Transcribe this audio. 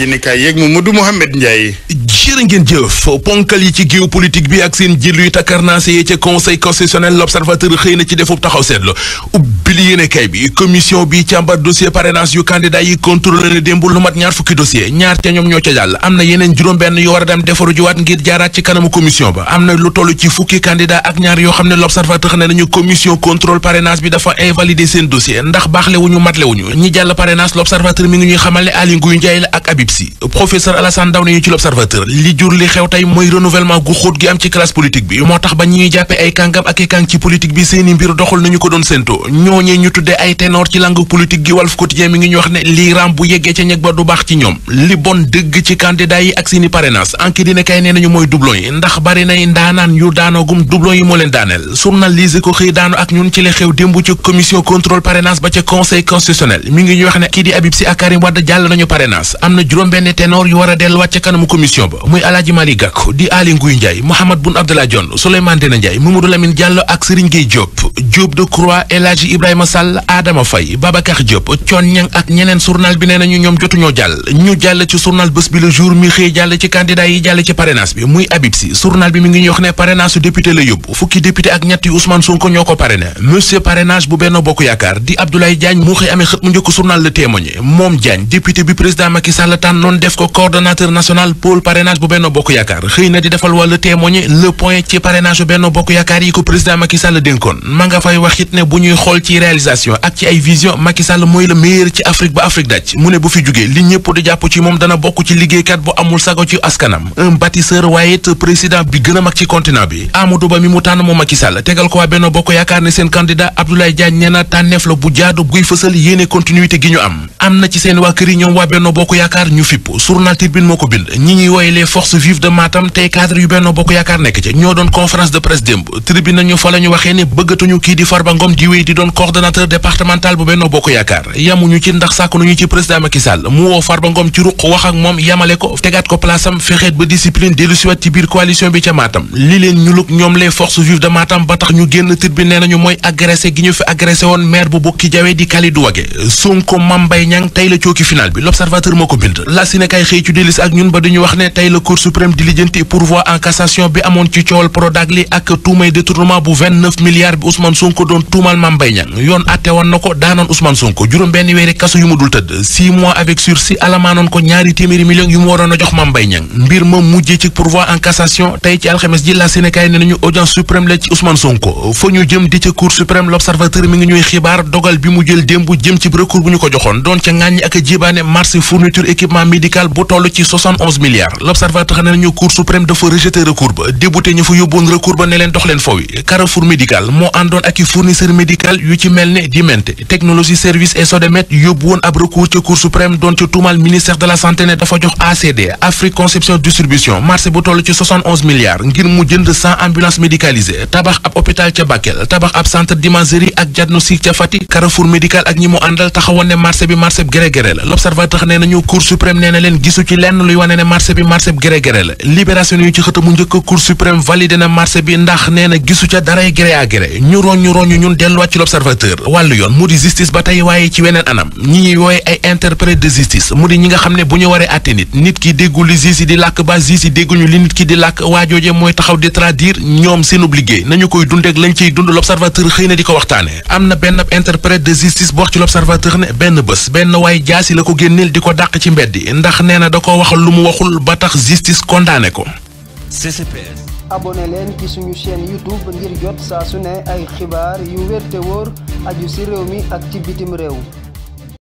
yéenekaay yeeg Mamadou Mouhamed Ndiaye jërë ngeen jëf ponkal yi ci géopolitique bi ak seen jël takkarnaase yi ca conseil constitutionnel l'observateur xëy na ci defub taxaw seetlu ubbil yéenekaay bi commission bi càmbar dossier parrainage yu candidat yi contrôlé ne démb lu mat ñaar fukki dossier ñaar ca ñoom ñoo ca jàll am na yeneen juróom-benn yu war a dem defaru juwaat ngir jaaraat ci kanamu commission ba am na lu toll ci fukki candidat ak ñaar yoo xam ne l'observateur ne nañu commission contrôle parrainage BIPSI professeur Alassane Daw ci l'observateur li jur li xew tey mooy renouvellement gu xóot gi am ci classe politique bi moo tax ba ñuy jàppe ay kàngam ak i kàng ci politique bi seeni mbir doxul nañu ko doon séento ñooñee ñu tuddee ay ténor ci langue politique gi Walf Quotidien mi ngi ñu wax ne lii bu yeggee ca ñeg ba du baax ci ñoom li bon dëgg ci candidat yi ak seeni parrainage enquête dina kay nee nañu mooy doublon yi ndax bari nay ndaanaan yu daanoogum juróom-benn ténor yu war a delluwaat ca kanamu commission ba muy alaaji Malick Gakou di Aly Ngouille Ndiaye Mouhamed Boun Abdallah Dionne Souleymane Ndéné Ndiaye Mamadou Lamine Diallo ak Serigne Gueye Diop Diop Decroix El Hadji Ibrahima Sall Adama Faye Babacar Diop Thione Niang ak ñeneen journal bi nee nañu ñoom jotuñoo jàll ñu jàll ci journal bés bi le jour mi xëy jàll ci candidat yi jàll ci parrainage bi muy Habib Sy journal bi mi ngi ñuy ne parrainage su député la yóbbu fukki député ak ñett yu noon def ko coordonnateur national pôle parrainage bu Benno Bokk Yaakaar xëy na di defal wàllu témoigner le point ci parrainage bu Benno Bokk Yaakaar yi ko président Macky Sall dénkoon ma nga fay wax ne bu ñuy xool ci réalisation ak ci ay vision Macky Sall mooy le meilleur ci Afrique ba Afrique daj mu ne bu fi jugee li ñëpp di jàpp ci moom dana bokk ci liggéeykat bu amul sago ci askanam un bâtisseur waaye it président bi gën a mag ci continent bi Amadou Ba mi mu tànn moom Macky Sall tegal Bokk Yaakaar ne seen candidat Abdoulaye Diagne nee na tànneef la bu jaadu guy fësal yéene continuité Bokk Yaakaar ñu fippu journal Tribune moo ko bind ñi ñuy woy les forces vives de Matam tey cadre yu Benno Bokk Yaakaar nekk ci ñoo doon conférence de presse démb Tribune nañu fa la waxee ne bëggatuñu kii di Farba Ngom di wéy di doon coordonnateur départemental bu Benno Bokk Yaakaar yamuñu ci ndax sàkk nañu ci président Macky Sall mu woo Farba ci ruq wax ak moom yamale ko tegaat ko place am fexeet ba discipline dellu siwaat ci biir coalition bi ca Matam tax ñu génn Tribune nee nañu mooy agressé gi ñu fi agressé woon maire bu Bokki la si nekay xëy ci delis ak ñun ba dañu wax ne tey la cour suprême di lijjanti pourvoi bi amoon ci coowal Prodac li ak tuumay détournement bu 29 bi Ousmane Sonko doon tuumal Mame Mbaye yoon atte woon ko daanoon Ousmane Sonko juróom benn weeri kaso yu mu dul tëdd six mois avec sursis alamaanoon ko ñaari téeméeri millions yu mu waroon a jox Mame Mbaye mbir ma mujjee ci pourvoi en tey ci alxames ji la ne nañu équipement médical bu toll ci 71 milliards l'observateur ne nañu cour suprême dafa rejeté recours ba débouté ñu fa yóbboon recours ba ne leen dox leen foofu Carrefour médical moo àndoon ak i fournisseur médical yu ci mel ne Dimente technologie service et Sodemed yóbbu woon ab recours ca cour suprême doon ci tuumal ministère de la santé ne dafa jox ACD Afrique Conception Distribution marché bu toll ci milliards ngir mu jënd 100 ambulances médicalisées suprême nee na leen gisu ci lenn luy wane ne marché bi marché bi gré-gré la libération yu ci xëta njëkk cour suprême validé na marché bi ndax nee gisu ca daray gré à gré ñu roññu roññu ñun delluwaat ci l'observateur wàllu yoon mu di justice ba tey waaye ci weneen anam ñi ñuy wooye ay interprète de justice mu di ñi nga xam ne bu ñu waree àtte nit nit ki déggul li justice di làkk ba justice dégguñu li nit ki di làkk waajooje mooy taxaw di nañu koy dundeek lañ ciy dund l'observateur xëy na di ko waxtaane am na benn interprète de justice bu wax ci di ko ci mbedd weddi ndax nee na da ko mu waxul ba tax justice condamné ko. CCPS. abonné leen ci suñu seen YouTube ngir jot saa su ne ay xibaar yu wér te wóor aju ci réew mi ak ci bitim réew.